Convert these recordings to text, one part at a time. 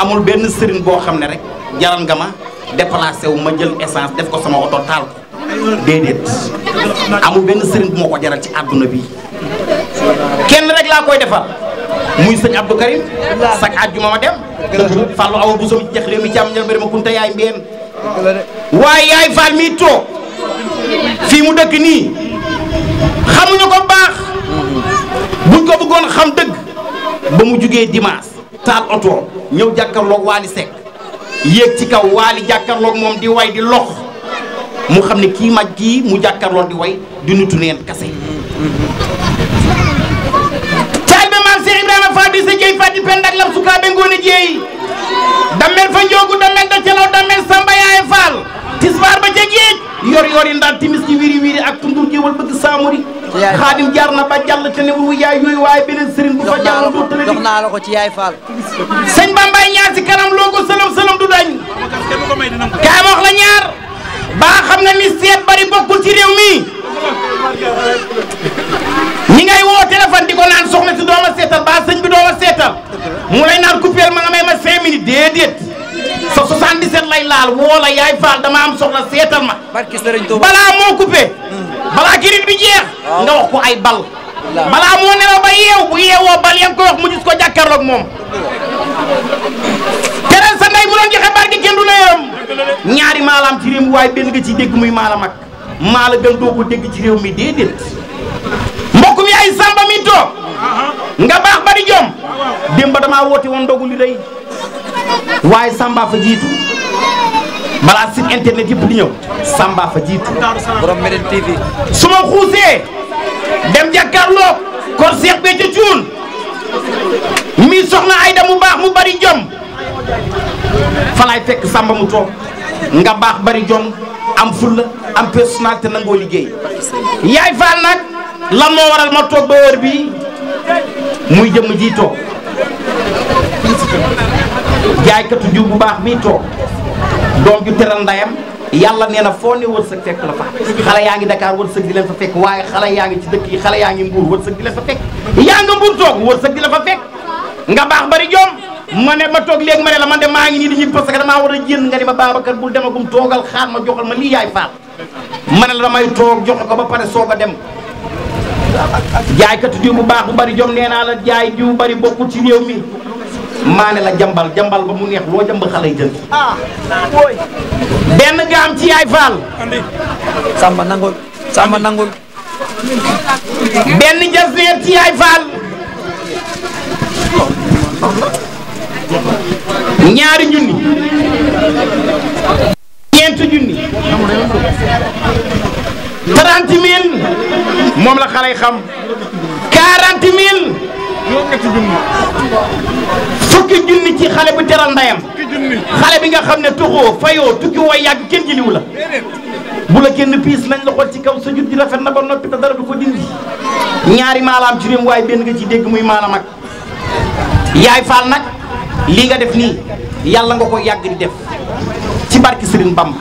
amul benn sëriñ boo xam ne rek jaral nga ma déplacé wu ma jël essence def ko sama oto taal ko amul benn sëriñ bu ma ko jaral ci àdduna bi kenn rek laa koy defal muy sëñ Abdou Karim sak àjjuma ma dem Fallou Awa Bousso mi jax réew waaye yaay mi toog fii mu dëkk nii xamuñu ko baax buñ ko bëggoon xam dëgg ba mu jugee dimaas taal oto ñëw jàkkarloog Waly Seck yéeg ci kaw Waly jàkkarloog moom di way di lox mu xam ne kii maj kii mu jàkkarloog di way di nutu neen kase caal ba maam Cheikh Ibrahima Fadi sa jeey Fadi pendak lam sukaabe ngoone jeey dammel fa njoogu dammel yor yor yi ndaal timis ci wiiri wiiri ak tundur géwal bëgg saamori xaadim jaar na ba jàll te newul wu yaay yooyu waaye a sëriñ bu fa jàll du tële jox naa la ko ci yaay Fall sëñ Bambaay ñaar si kanam loo ko sëlëm sëlëm du dañ kaay ma la ñaar baa xam nga ni bari bokkul ci réew mi Faal woo la yaay Faal dama am soxla seetal ma. barki Sëriñ balaa moo coupé. Hmm. balaa kirit bi jeex. nga wax ay bal. balaa moo nelaw ba yeew bu yeewoo bal yaa ngi koy wax mu gis ko jàkkaarloog moom. keneen sa ndey mu doon joxe kenn du la yëm. ñaari maalaam ci réew mi waaye benn nga ci muy maala mag maala gën doo ko dégg ci réew mi déedéet. samba mi nga baax bari jom. démb damaa woote woon ndogu li waaye samba fa jiitu. balaa si internet yëpp di ñëw Samba fa jiitu. borom Médine TV. su ma xuusee dem jàkkaarloo kor Cheikh Béthio Thioune mi soxna Ayda mu baax mu bari jom fa fekk Samba mu toog nga baax bari jom am fulla am personnalité nangoo liggéey. yaay faal nag lan moo waral ma toog ba heure bii muy jëm jiitoo jaaykatu jiw bu baax mi toog. doom ju teral ndayam yàlla nee na foo ne wërsëg fekk la fa xale yaa ngi Dakar wërsëg di leen fa fekk waaye xale yaa ngi ci dëkk yi xale yaa ngi mbuur wërsëg di leen fa fek yaa nga mbuur toog wërsëg di la fa fekk nga baax bari joom ma ne ma toog léegi ma ne la man de maa ngi nii di ñibbi parce que damaa war a jénn nga ne ma Babacar bul demagum toogal xaar ma joxal ma lii yaay faal ma ne la damay toog joxe ko ba pare soog a dem jaaykatu diw bu baax bu bari jom nee naa la jaay diw bari bokkul ci réew mi mané la jambal jambal ba mu neex loo jamb xalé yi ah boy ben nga am ci yaay faal. samba nangul samba nangul. ben jas fi ci yaay faal. ñaari ñunni ñent ñunni la 40 fukki junni ci xale bu teral ndayam xale bi nga xam ne tuxoo fayoo tukki woo yàgg kenn jëliwu la bu la kenn piis nañ la xool ci kaw sa jur ji rafet na ba noppi te dara du ko dindi ñaari maalaam ci réew waaye benn nga ci dégg muy maanaam ak yaay faal nag lii nga def nii yàlla nga ko yàgg di def ci barki Sëriñ Bamba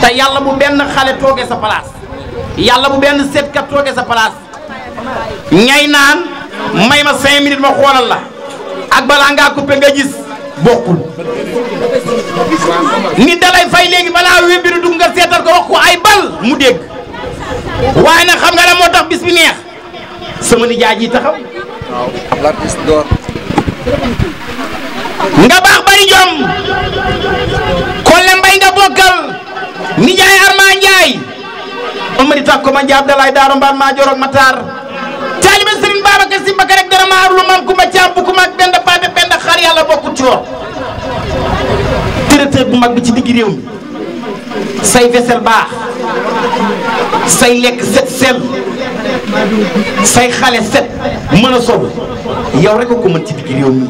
te yàlla bu benn xale tooge sa place yàlla bu benn seetkat toogee sa palaas ñay naan may ma cinq minutes ma xoolal la ak balaa aku coupé nga gis bokul ni dalay fay legi balaa wébiru dug nga seetal ko wax ko ay bal mu deg waaye nag xam nga la motax bis bi neex sama nijaay ji taxaw nga bax bari jom ko le mbay nga ni jaay Arma jaay omari takko ma jaab dalay daaro mbar ma jorok matar taar Serigne Baba si Mbacke rek dara maa arlu maam Kumba Caam bu kumaak benn paate benn xar yàlla bu mag bi ci digg réew mi say vaisselle baax say lekk set say xale set mën a sol yow rek a ko mën ci digg réew mi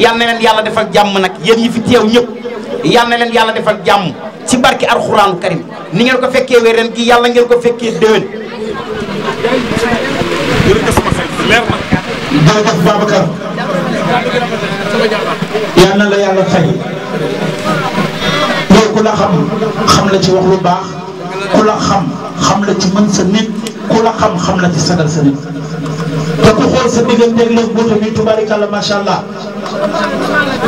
yal na leen yàlla defal jàmm nag yéen ñi fi teew ñëpp yal na leen yàlla defal jàmm ci barki alxuraanu karim ni ngeen ko fekkee wee gi yàlla ngeen ko fekkee déwén. jërëjëf Babacar yal na la yàlla fay loolu ku la xam xam la ci wax lu baax ku la xam xam la ci mën sa nit ku la xam xam la ci sagal sa nit te ku xool sa digganteeg la buuta bi tubaarikàlla macha allah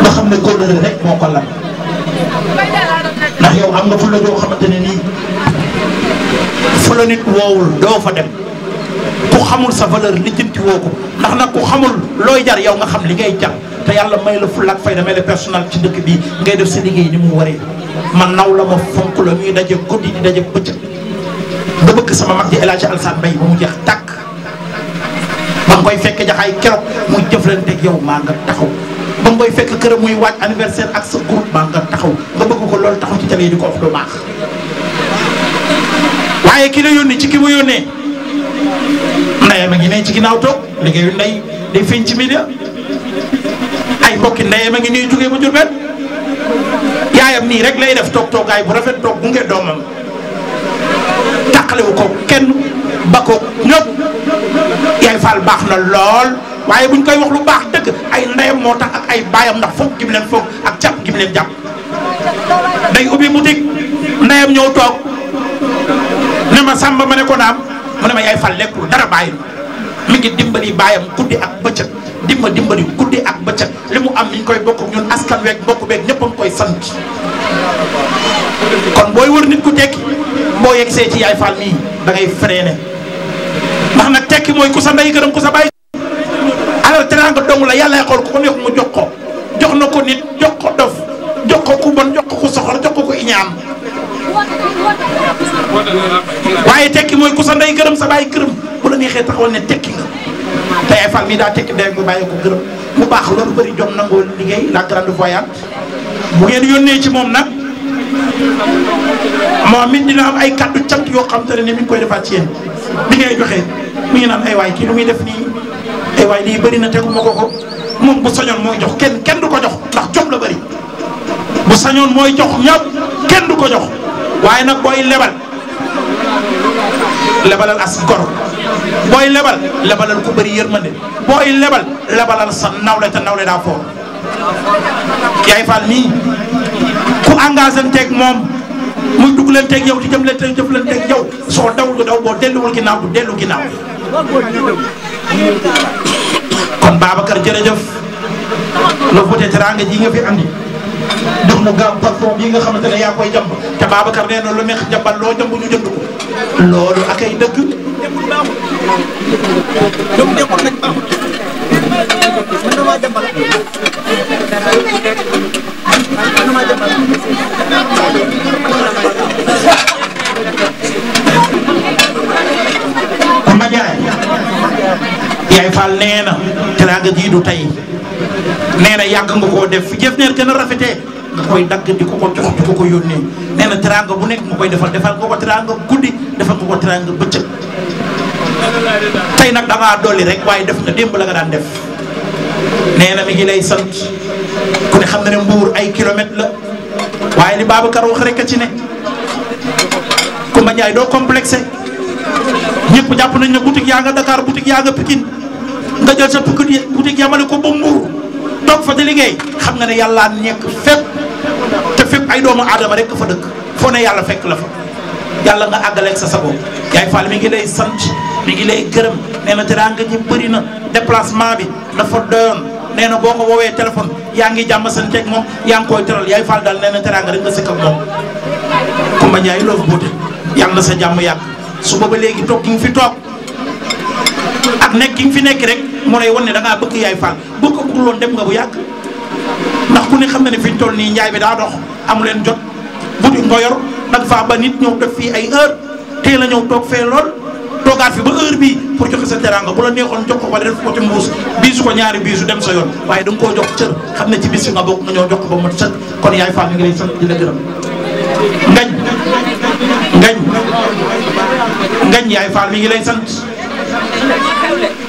nga xam ne kóllëre rek moo ko lan ndax yow am nga fu la joo xamante ne nii fu la nit woowul doo fa dem. ku xamul sa valeur li jëm ci woo ko ndax nag ku xamul looy jar yow nga xam li ngay jar te yàlla may la fulla ak fayda may la personnel ci dëkk bi ngay def sa liggéey ni mu waree man naw la ma fonk la ñuy daje guddi di daje bëccëg da bëgg sama mag ji El Hadj Alassane Mbaye ba mu jeex tàkk ba nga koy fekk jaxaay keroog muy jëflanteeg yow maa nga taxaw ba nga koy fekk këram muy waaj anniversaire ak sa groupe maa nga taxaw nga bëgg ko loolu taxaw ci télé di ko wax lu baax ndeyam a ngi ne ci ginnaaw toog liggéeyu ndey day feeñ ci media ay mbokki ndeyam a ngi nii jógee ba Jurbel yaayam nii rek lay def toog toogaay bu rafet toog bu ngeen doomam tàqalewu ko kenn ba ko ñëpp yaay Fall baax na lool waaye buñ koy wax lu baax dëgg ay ndeyam moo tax ak ay baayam ndax foog gim leen foog ak jàpp gim leen jàpp day ubbi boutique ndeyam ñëw toog ne ma sàmba ma ne ko naan mu ne ma yaay fal lekkul dara bàyyi mi ngi dimbali baayam guddi ak bëccëg dimba dimbali guddi ak bëccëg li mu am mi ngi koy bokk ñun askan weeg bokk beeg ñëpp a koy sant. kon booy wër nit ku tekki boo yegg ci yaay fal mii da ngay freiné ndax na tekki mooy ku sa ndey gërëm ku sa bàyyi. alal teraanga dong la yàlla xool ku ko neex mu jox ko jox na ko nit jox ko dof jox ko ku bon jox ko ku soxor jox ko ku iñaan waaye tekki mooy ku sa ndey gërëm sa bàyyi gërëm bu la neexee taxawal ne tekki nga te ay fan mi daa tekki ndey bu bàyyi ko gërëm mu baax loolu bëri jom nangoo liggéey laa grande voyante bu ngeen yónnee ci moom nag moom it dina am ay kaddu cant yoo xam te ne ni mi koy defaat ci yéen mi ngay joxee mu ngi naan ay waay kii lu muy def nii ay waay lii bëri na tegu ma ko ko moom bu sañoon mooy jox kenn kenn du ko jox ndax jom la bëri bu sañoon mooy jox ñëpp kenn du ko jox. waaye nag booy lebal lebalal as gor booy lebal lebalal ku bëri yërmande booy lebal lebalal sa nawle te nawle daa foor yaay Fall mii ku engagé moom muy dugg leen teeg yow di jëm leen teeg jëm leen teeg soo dawul ko daw boo delluwul ginnaaw du dellu ginnaaw kon Babacar jërëjëf loolu peut-être ji nga fi andi. jox nu gaaw parfum bii nga xamante ne yaa koy jàmb te Babacar nee na jii du tey nee na yàgg nga koo def fi jëf neen gën a rafetee nga koy dagg di ko ko jox di ko ko yónnee nee teraanga bu nekk nga koy defal defal nga ko teraanga guddi defal nga ko teraanga bëccëg tey nag da ngaa dolli rek waaye def nga démb la nga daan def nee na mi ngi lay sant ku ne xam na ne mbuur ay kilomètre la waaye li Babacar wax rek a ci ne Kumba Njaay doo complexé ñëpp jàpp nañ ne boutique yaa nga Dakar boutique yaa nga Pikine nga jël sa boutique yamale ko ba toog fa di liggéey xam nga ne yàllaa nekk fépp te fépp ay doomu aadama rek fa dëkk foo ne yàlla fekk la fa yàlla nga àggaleeg sa sago yaay Fall mi ngi lay sant mu ngi lay gërëm nee na teraanga ji na déplacement bi dafa doyoon nee na boo ko woowee téléphone yaa ngi jàmm seen moom yaa ngi yaay Fall daal nee na teraanga rek nga sëkk ak moom Kumba Njaay loo fi buute yàlla sa jàmm yàgg su booba léegi toog fi toog ak nekk ki fi nekk rek moo lay wan ne da bëgg yaay Fall bëgg bu bu yàgg ndax ku ne xam na ne fi ñu toll nii njaay bi daa dox amu leen jot buti nga yor nag faa fii ay heure a ñëw toog fee lool toogaat fi ba heure bii pour sa teraanga bu la neexoon jox ko wala ko ci mbuus biisu ko dem sa yoon waaye da koo jox cër xam ne ci bis nga bokk nga ñëw jox ko ba mot sëkk kon yaay Fall mi ngi lay sant di la gërëm ngañ ngañ yaay Fall mi ngi lay sant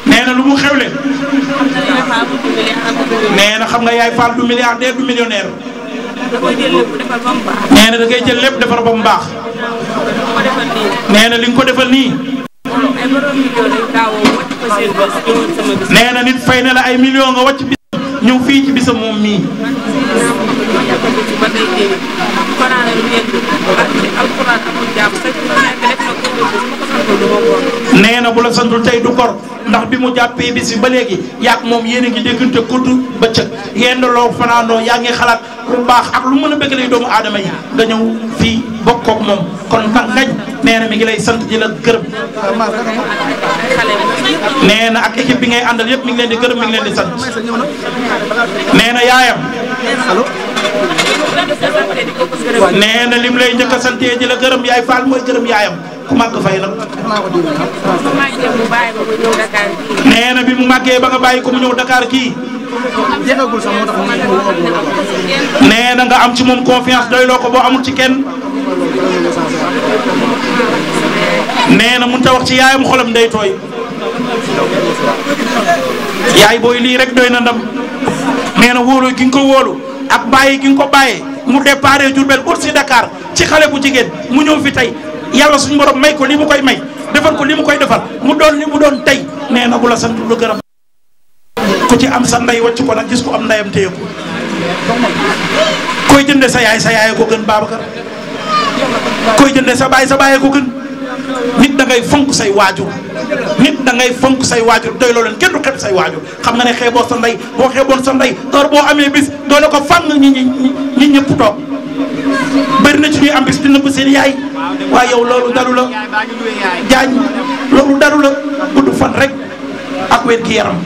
nee lu mu xewle nee na xam nga yaay Fall du milliardaire du da ngay jël lépp defar ba mu baax. nee na li nga ko defal nii. nee na nit fay na la ay millions nga wàcc bis ñëw fii ci bisam moom mii. nee na bu la santul tey du kor ndax bi mu jàppee bi si ba léegi yàgg moom yéen a ngi déggante gudd bëccëg yéen loo fanaandoo yaa ngi xalaat lu baax ak lu mën a bëgg lay doomu aadama yi nga ñëw fii bokk moom kon kan ngañ nee na mi ngi lay sant di la gërëm. nee na ak équipe bi ngay àndal yëpp mi ngi leen di gërëm mi ngi leen di sant nee na yaayam. nee na lim lay njëkk a santee di la gërëm yaay Fall mooy gërëm yaayam. ku màgg fay la. nee na bi mu màggee ba bàyyi ko mu ñëw Dakar kii. nee na nga am ci moom confiance doyloo ko boo amul ci kenn. na mënut a wax ci yaayam xolam day tooy. yaay booy lii rek doy na ndam. nee na wóolu gi nga ko wóolu ak bàyyi gi nga ko bàyyee mu déparé Diourbel ut si dakaar ci xale bu jigéen mu ñëw fi tey yàlla suñu borom may ko li mu koy may defal ko li mu koy defal mu doon li mu doon tey nee na bu la sant lu gërëm ku ci am sa ndey wàcc ko nag gis ko am ndeyam téye ko koy jënde sa yaay sa yaay ko gën koy jënde sa baay sa baay ko gën nit da ngay fonk say waajur nit da ngay fonk say waajur doy loo leen kenn du xeeb say waajur xam nga ne xeeboon sa ndey boo xeeboon sa ndey heure boo amee bis doole ko fang ñi ñi ñi ñëpp toog bëri na ci ñuy am bis di nëbb seen yaay waaye yow loolu dalu la jaañ loolu dalu la gudd fan rek ak wér gi yaram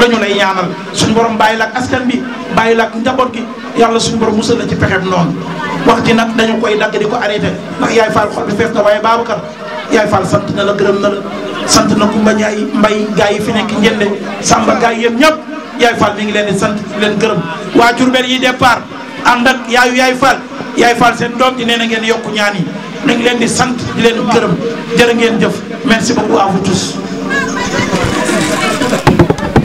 la ñu lay ñaanal suñ borom bàyyi la ak askan bi bàyyi la ak njaboot gi yàlla suñu borom musal la ci pexem noonu wax ji nag dañu koy dagg di ko arrêté ndax yaay faal xol bi fees na waaye Babacar yaay faal sant na la gërëm na la sant na Kumba Njaay mbay gaa yi fi nekk njënde Samba gaa yi yéen ñëpp yaay faal mi ngi leen di sant leen gërëm waa Jurbel yi départ ànd ak yaayu yaay faal yaay faal seen doom di nee na ngeen yokk ñaan yi ñu leen di sant di leen gërëm jërë ngeen jëf merci beaucoup à vous tous